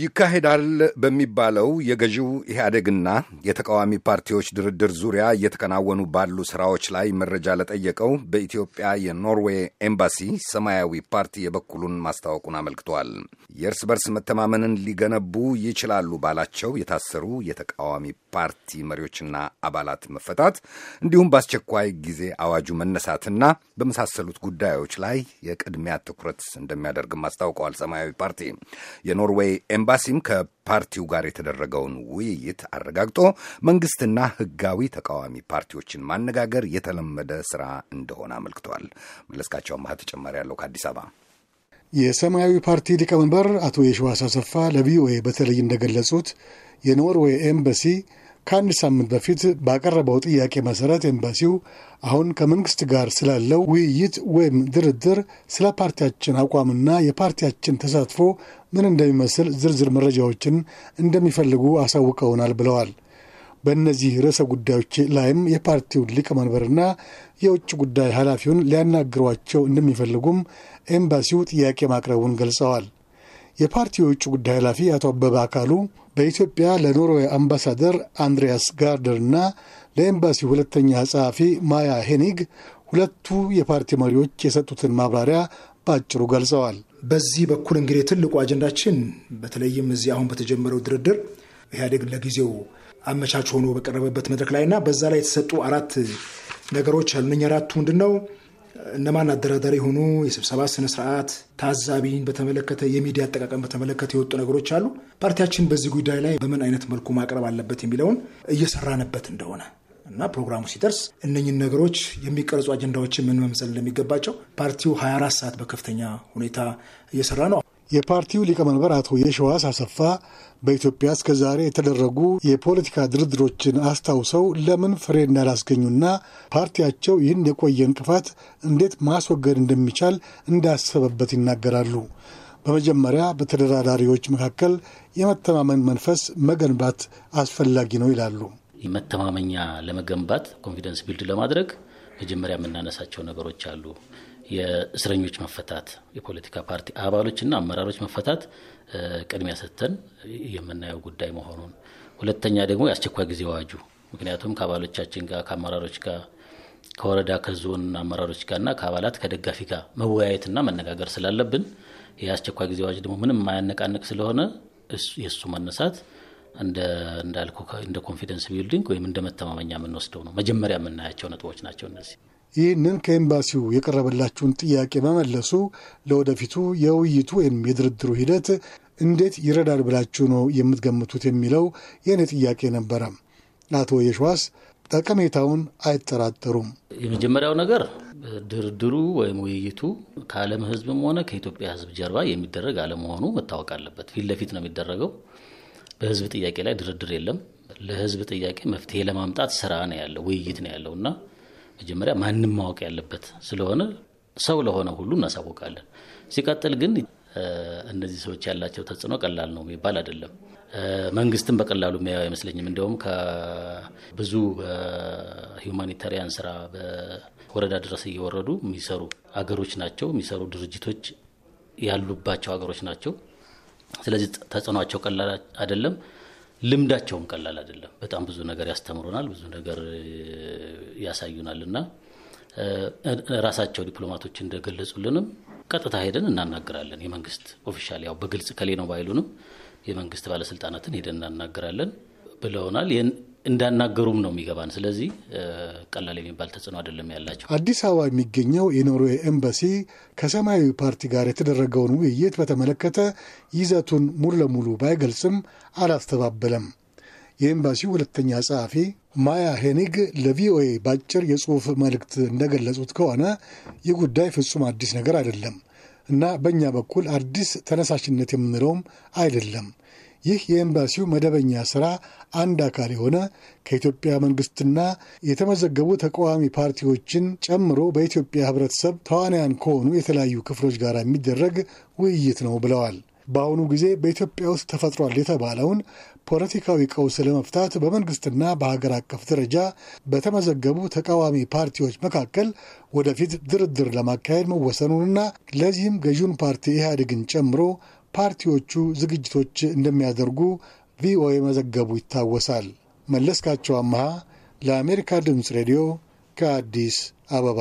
ይካሄዳል በሚባለው የገዢው ኢህአዴግና የተቃዋሚ ፓርቲዎች ድርድር ዙሪያ እየተከናወኑ ባሉ ስራዎች ላይ መረጃ ለጠየቀው በኢትዮጵያ የኖርዌይ ኤምባሲ ሰማያዊ ፓርቲ የበኩሉን ማስታወቁን አመልክቷል። የእርስ በርስ መተማመንን ሊገነቡ ይችላሉ ባላቸው የታሰሩ የተቃዋሚ ፓርቲ መሪዎችና አባላት መፈታት እንዲሁም በአስቸኳይ ጊዜ አዋጁ መነሳትና በመሳሰሉት ጉዳዮች ላይ የቅድሚያ ትኩረት እንደሚያደርግም አስታውቀዋል። ሰማያዊ ፓርቲ የኖርዌይ ኤምባሲም ከፓርቲው ጋር የተደረገውን ውይይት አረጋግጦ መንግስትና ህጋዊ ተቃዋሚ ፓርቲዎችን ማነጋገር የተለመደ ስራ እንደሆነ አመልክቷል። መለስካቸው አማሃ ተጨማሪ ያለው ከአዲስ አበባ። የሰማያዊ ፓርቲ ሊቀመንበር አቶ የሸዋስ አሰፋ ለቪኦኤ በተለይ እንደገለጹት የኖርዌይ ኤምባሲ ከአንድ ሳምንት በፊት ባቀረበው ጥያቄ መሰረት ኤምባሲው አሁን ከመንግስት ጋር ስላለው ውይይት ወይም ድርድር ስለ ፓርቲያችን አቋምና የፓርቲያችን ተሳትፎ ምን እንደሚመስል ዝርዝር መረጃዎችን እንደሚፈልጉ አሳውቀውናል ብለዋል። በእነዚህ ርዕሰ ጉዳዮች ላይም የፓርቲውን ሊቀመንበርና የውጭ ጉዳይ ኃላፊውን ሊያናግሯቸው እንደሚፈልጉም ኤምባሲው ጥያቄ ማቅረቡን ገልጸዋል። የፓርቲ የውጭ ጉዳይ ኃላፊ አቶ አበበ አካሉ በኢትዮጵያ ለኖርዌይ አምባሳደር አንድሪያስ ጋርደር እና ለኤምባሲ ሁለተኛ ጸሐፊ ማያ ሄኒግ ሁለቱ የፓርቲ መሪዎች የሰጡትን ማብራሪያ በአጭሩ ገልጸዋል። በዚህ በኩል እንግዲህ ትልቁ አጀንዳችን በተለይም እዚህ አሁን በተጀመረው ድርድር ኢህአዴግ ለጊዜው አመቻች ሆኖ በቀረበበት መድረክ ላይ እና በዛ ላይ የተሰጡ አራት ነገሮች አሉ። እነኛ አራቱ ምንድን ነው? እነማን አደራዳሪ የሆኑ የስብሰባ ስነስርዓት ታዛቢን በተመለከተ የሚዲያ አጠቃቀም በተመለከተ የወጡ ነገሮች አሉ። ፓርቲያችን በዚህ ጉዳይ ላይ በምን አይነት መልኩ ማቅረብ አለበት የሚለውን እየሰራንበት እንደሆነ እና ፕሮግራሙ ሲደርስ እነኝን ነገሮች የሚቀርጹ አጀንዳዎችን ምን መምሰል እንደሚገባቸው ፓርቲው 24 ሰዓት በከፍተኛ ሁኔታ እየሰራ ነው። የፓርቲው ሊቀመንበር አቶ የሸዋስ አሰፋ በኢትዮጵያ እስከ ዛሬ የተደረጉ የፖለቲካ ድርድሮችን አስታውሰው ለምን ፍሬ እንዳላስገኙና ፓርቲያቸው ይህን የቆየ እንቅፋት እንዴት ማስወገድ እንደሚቻል እንዳሰበበት ይናገራሉ። በመጀመሪያ በተደራዳሪዎች መካከል የመተማመን መንፈስ መገንባት አስፈላጊ ነው ይላሉ። መተማመኛ ለመገንባት ኮንፊደንስ ቢልድ ለማድረግ መጀመሪያ የምናነሳቸው ነገሮች አሉ። የእስረኞች መፈታት፣ የፖለቲካ ፓርቲ አባሎችና አመራሮች መፈታት ቅድሚያ ሰጥተን የምናየው ጉዳይ መሆኑን፣ ሁለተኛ ደግሞ የአስቸኳይ ጊዜ አዋጁ ምክንያቱም ከአባሎቻችን ጋር ከአመራሮች ጋር ከወረዳ ከዞን አመራሮች ጋርና ከአባላት ከደጋፊ ጋር መወያየትና መነጋገር ስላለብን የአስቸኳይ ጊዜ አዋጅ ደግሞ ምንም የማያነቃንቅ ስለሆነ የእሱ መነሳት እንዳልኩ እንደ ኮንፊደንስ ቢልዲንግ ወይም እንደ መተማመኛ የምንወስደው ነው። መጀመሪያ የምናያቸው ነጥቦች ናቸው እነዚህ። ይህንን ከኤምባሲው የቀረበላችሁን ጥያቄ መመለሱ ለወደፊቱ የውይይቱ ወይም የድርድሩ ሂደት እንዴት ይረዳል ብላችሁ ነው የምትገምቱት የሚለው የእኔ ጥያቄ ነበረ። አቶ የሸዋስ ጠቀሜታውን አይጠራጠሩም። የመጀመሪያው ነገር ድርድሩ ወይም ውይይቱ ከዓለም ሕዝብም ሆነ ከኢትዮጵያ ሕዝብ ጀርባ የሚደረግ አለመሆኑ መታወቅ አለበት። ፊት ለፊት ነው የሚደረገው። በሕዝብ ጥያቄ ላይ ድርድር የለም። ለሕዝብ ጥያቄ መፍትሄ ለማምጣት ስራ ነው ያለው፣ ውይይት ነው ያለው እና መጀመሪያ ማንም ማወቅ ያለበት ስለሆነ ሰው ለሆነ ሁሉ እናሳውቃለን። ሲቀጥል ግን እነዚህ ሰዎች ያላቸው ተጽዕኖ ቀላል ነው የሚባል አይደለም። መንግስትም በቀላሉ የሚያየው አይመስለኝም። እንዲሁም ከብዙ በሂውማኒታሪያን ስራ በወረዳ ድረስ እየወረዱ የሚሰሩ አገሮች ናቸው የሚሰሩ ድርጅቶች ያሉባቸው ሀገሮች ናቸው። ስለዚህ ተጽዕኖቸው ቀላል አይደለም። ልምዳቸውም ቀላል አይደለም። በጣም ብዙ ነገር ያስተምሩናል፣ ብዙ ነገር ያሳዩናል እና ራሳቸው ዲፕሎማቶች እንደገለጹልንም ቀጥታ ሄደን እናናግራለን። የመንግስት ኦፊሻል ያው በግልጽ ከሌ ነው ባይሉንም የመንግስት ባለስልጣናትን ሄደን እናናግራለን ብለውናል። እንዳናገሩም ነው የሚገባን። ስለዚህ ቀላል የሚባል ተጽዕኖ አይደለም ያላቸው። አዲስ አበባ የሚገኘው የኖርዌይ ኤምባሲ ከሰማያዊ ፓርቲ ጋር የተደረገውን ውይይት በተመለከተ ይዘቱን ሙሉ ለሙሉ ባይገልጽም አላስተባበለም። የኤምባሲው ሁለተኛ ጸሐፊ ማያ ሄኒግ ለቪኦኤ በአጭር የጽሑፍ መልእክት እንደገለጹት ከሆነ ይህ ጉዳይ ፍጹም አዲስ ነገር አይደለም እና በእኛ በኩል አዲስ ተነሳሽነት የምንለውም አይደለም ይህ የኤምባሲው መደበኛ ስራ አንድ አካል የሆነ ከኢትዮጵያ መንግስትና የተመዘገቡ ተቃዋሚ ፓርቲዎችን ጨምሮ በኢትዮጵያ ህብረተሰብ ተዋንያን ከሆኑ የተለያዩ ክፍሎች ጋር የሚደረግ ውይይት ነው ብለዋል። በአሁኑ ጊዜ በኢትዮጵያ ውስጥ ተፈጥሯል የተባለውን ፖለቲካዊ ቀውስ ለመፍታት በመንግስትና በሀገር አቀፍ ደረጃ በተመዘገቡ ተቃዋሚ ፓርቲዎች መካከል ወደፊት ድርድር ለማካሄድ መወሰኑንና ለዚህም ገዢውን ፓርቲ ኢህአዴግን ጨምሮ ፓርቲዎቹ ዝግጅቶች እንደሚያደርጉ ቪኦኤ መዘገቡ ይታወሳል። መለስካቸው አመሃ ለአሜሪካ ድምፅ ሬዲዮ ከአዲስ አበባ